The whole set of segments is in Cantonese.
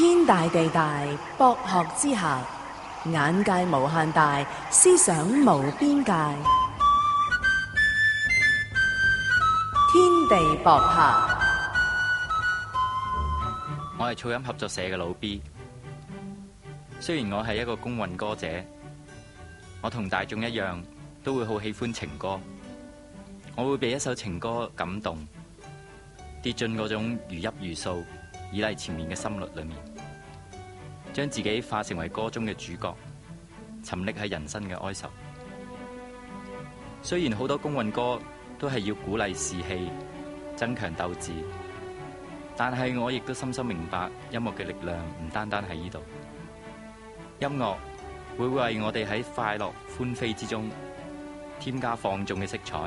天大地大，博學之下，眼界無限大，思想無邊界。天地博客，我係噪音合作社嘅老 B。雖然我係一個工運歌者，我同大眾一樣都會好喜歡情歌。我會被一首情歌感動，跌進嗰種如泣如訴。以嚟前面嘅心律裏面，將自己化成為歌中嘅主角，沉溺喺人生嘅哀愁。雖然好多工運歌都係要鼓勵士氣、增強鬥志，但係我亦都深深明白，音樂嘅力量唔單單喺呢度。音樂會為我哋喺快樂歡飛之中添加放縱嘅色彩，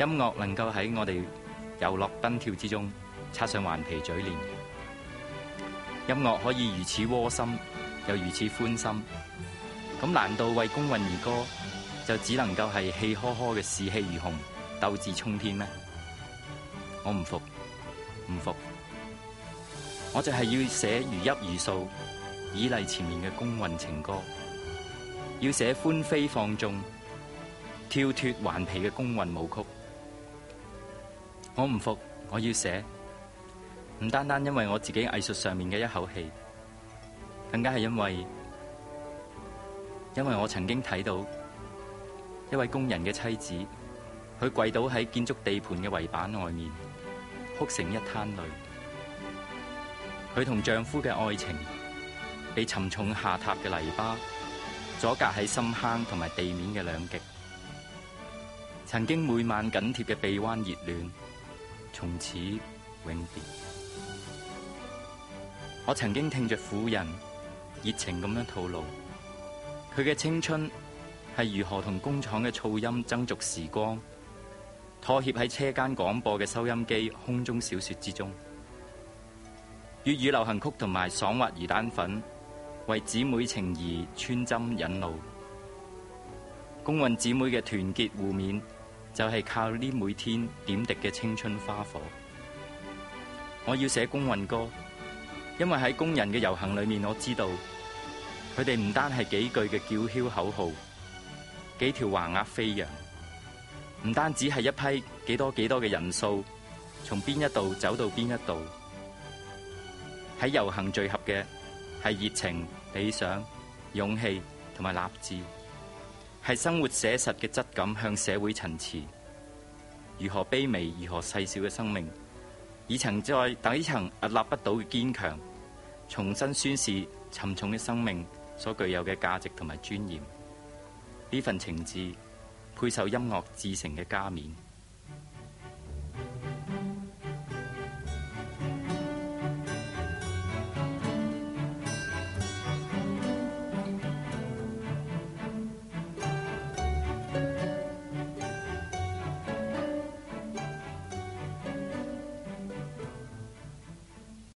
音樂能夠喺我哋遊樂奔跳之中，插上頑皮嘴臉，音樂可以如此窩心，又如此歡心，咁難道為工運而歌就只能夠係氣呵呵嘅士氣如虹、鬥志衝天咩？我唔服，唔服，我就係要寫如泣如訴，以嚟前面嘅工運情歌，要寫歡飛放縱、跳脫頑皮嘅工運舞曲，我唔服，我要寫。唔單單因為我自己藝術上面嘅一口氣，更加係因為，因為我曾經睇到一位工人嘅妻子，佢跪倒喺建築地盤嘅圍板外面，哭成一灘淚。佢同丈夫嘅愛情，被沉重下塌嘅泥巴阻隔喺深坑同埋地面嘅兩極。曾經每晚緊貼嘅臂彎熱戀，從此永別。我曾經聽着婦人熱情咁樣透露，佢嘅青春係如何同工廠嘅噪音爭逐時光，妥協喺車間廣播嘅收音機空中小説之中。粵語流行曲同埋爽滑魚蛋粉，為姊妹情誼穿針引路。工運姊妹嘅團結互勉，就係、是、靠呢每天點滴嘅青春花火。我要寫工運歌。因為喺工人嘅遊行裏面，我知道佢哋唔單係幾句嘅叫囂口號，幾條橫額飛揚，唔單止係一批幾多幾多嘅人數，從邊一度走到邊一度。喺遊行聚合嘅係熱情、理想、勇氣同埋立志，係生活寫實嘅質感向社會陳詞。如何卑微、如何細小嘅生命，已曾在底層屹立不倒嘅堅強。重新宣示沉重嘅生命所具有嘅價值同埋尊嚴，呢份情致配受音樂至誠嘅加冕。